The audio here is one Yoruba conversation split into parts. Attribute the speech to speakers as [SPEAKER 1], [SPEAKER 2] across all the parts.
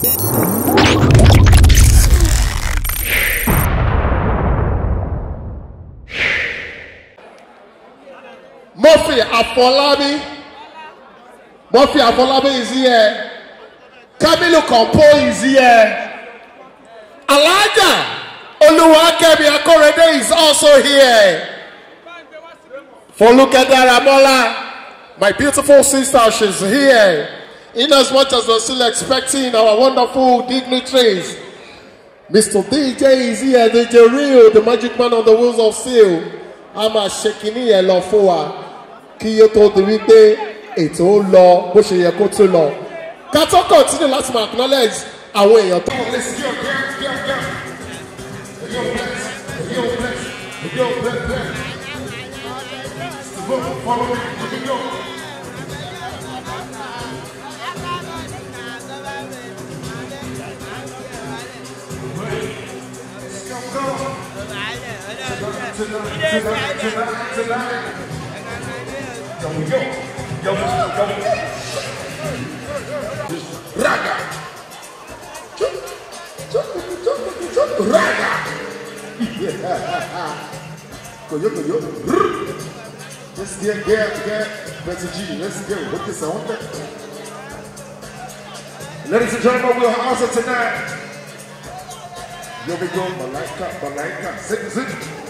[SPEAKER 1] Murphy Afolabi. Murphy Afolabi is here. Kamilu Kompo is here. Alaja Oluwakemi Akorede is also here. Foluke Daramola, my beautiful sister, she's here. Inasmuch as we're still expecting our wonderful dignitaries, Mr. DJ is here, DJ Rio, the magic man on the wheels of steel. I'm A máa ṣe kínní yẹn lọ fún wa kí yóò tó di wípé ètò ó lọ bó ṣe yẹ kó tó lọ. Ká tó continue láti máa acknowledge àwọn èèyàn tó. Follow me, you can go. tonight, tonight, tonight, Yo, yo. Let's get, get, get. That's a G. Let's go. What this on that? Ladies and gentlemen, we are also tonight. Yo, we go. Malaika, Malaika. Zig, zig.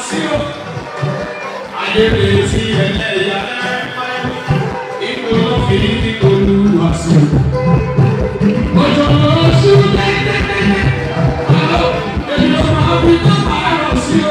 [SPEAKER 1] sí o. Ayé retí ẹlẹ́yà lẹ́pẹ́, ipò ló fi ní olúwa sí. Òjò oṣù lẹ́tẹ̀tẹ̀tẹ̀, àlọ́ èyí máa wí tó máa rọ̀ sí o.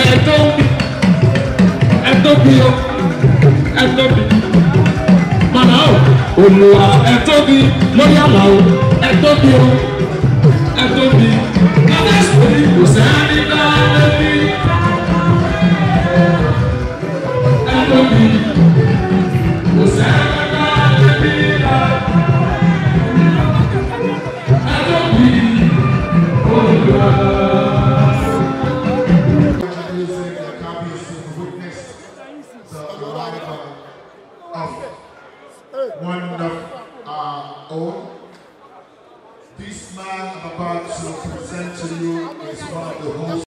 [SPEAKER 1] ẹ̀ẹ́dọ́ mi ẹ̀ẹ́dọ́ mi o ẹ̀ẹ́dọ́ mi màmá o olùwà ẹ̀ẹ́dọ́ mi lọ́yàlá o ẹ̀ẹ́dọ́ mi o ẹ̀ẹ́dọ́ mi kábẹ́sì mi kò sẹ́ni bá lẹ́bí ẹ̀ẹ́dọ́ mi kò sẹ́ni bá lẹ́bí ẹ̀ẹ́dọ́ mi olùwà. one of our uh, own. This man I'm about to present to you is one of the hosts.